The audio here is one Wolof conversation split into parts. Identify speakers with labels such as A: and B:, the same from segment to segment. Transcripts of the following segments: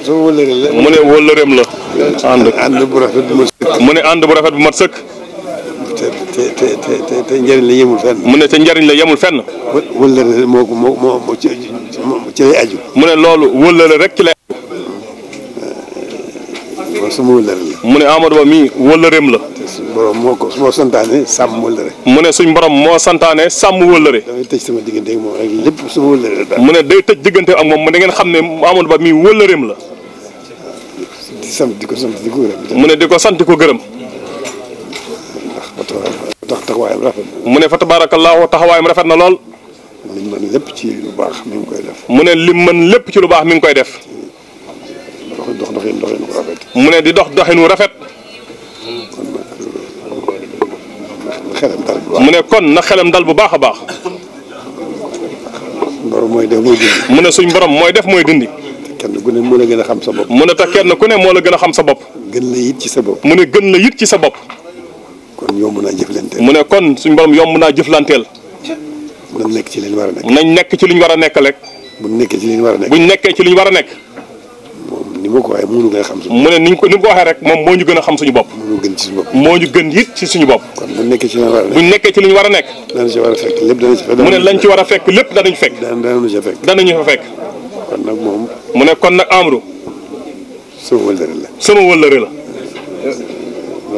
A: mu ne wëllëreem la. ànd ànd bu rafet bu mat sëkk. mu ne ànd bu rafet bu mat sëkk. te te te te njëriñ la yemul fenn. mu ne te njariñ la yemul fenn. wëllëre moo ko moo ci lay aju. mu ne loolu wëllëre rek ci Ba suma wëllëre la. mu ne Amadou Ba mii wëllëreem la. te ko moo santaane sàmm mu ne suñ borom moo santaane sàmm wëllëre. sama diggante ak moom rek lépp suma wëllëre la day tëj diggante ak moom mu ne ngeen xam ne Amadou Ba mii wëllëreem la. di sant di ko sant di ko gërëm. mu ne ko sant di ko gërëm. ndax taxawaayam rafet na. mu ne fa tabaarakallaahu taxawaayam rafet na lool. li mu lépp ci lu baax mu li mu lépp ci lu baax mi ngi koy def. dox dox doxin mu ne di dox doxin wu rafet. mu ne kon na xelam dal bu baax a baax. borom mooy def mooy mu ne suñ borom mooy def mooy dindi. kenn ku ne moo gën a xam sa bopp. mu ne te kenn ku ne moo gën a sa bopp. gën la yit ci sa bopp. mu gën la yit ci sa bopp. kon yomb naa jëflanteel. mu ne kon suñ borom yomb naa jëflanteel. nañ nekk ci li ñu war a nekk. nekk ci li war a nekk rek. buñ nekkee ci li ñu war a nekkee ci li ñu war a nekk. ni ma ko waxee a xam suñu mu ne ko ni nga ko waxee rek moom moo ñu a xam suñu bopp moo moo ñu gën it suñu bopp kon bu nekkee ci lu war nekk bu nekkee ci lu ñu war a nekk danañ ci war a fekk lépp a fekk lépp danañ fekk moom mu ne kon nag Amadou sama wëllëre la sama la loolu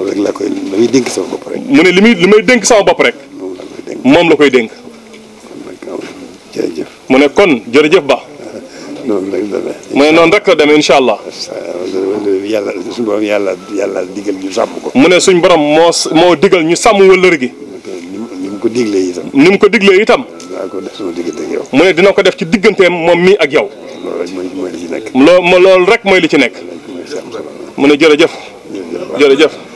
A: rek laa koy la muy dénk ne li muy li may dénk sama bopp rek moom la koy dénk moom la koy dénk mu ne kon jërëjëf ba noonu rek mu ne noonu rek la demee incha allah. yàlla suñu borom yàlla yàlla digal ñu sàmm ko. mu ne suñ borom moo moo digal ñu sàmm wëllër gi. ni ko diglee itam. nim ko diglee itam. ko def sama diggante mu ne dina ko def ci digganteem moom mi ak yow. loolu rek mooy li ci nekk. loo loolu rek mooy li ci nekk. mu ne jërëjëf.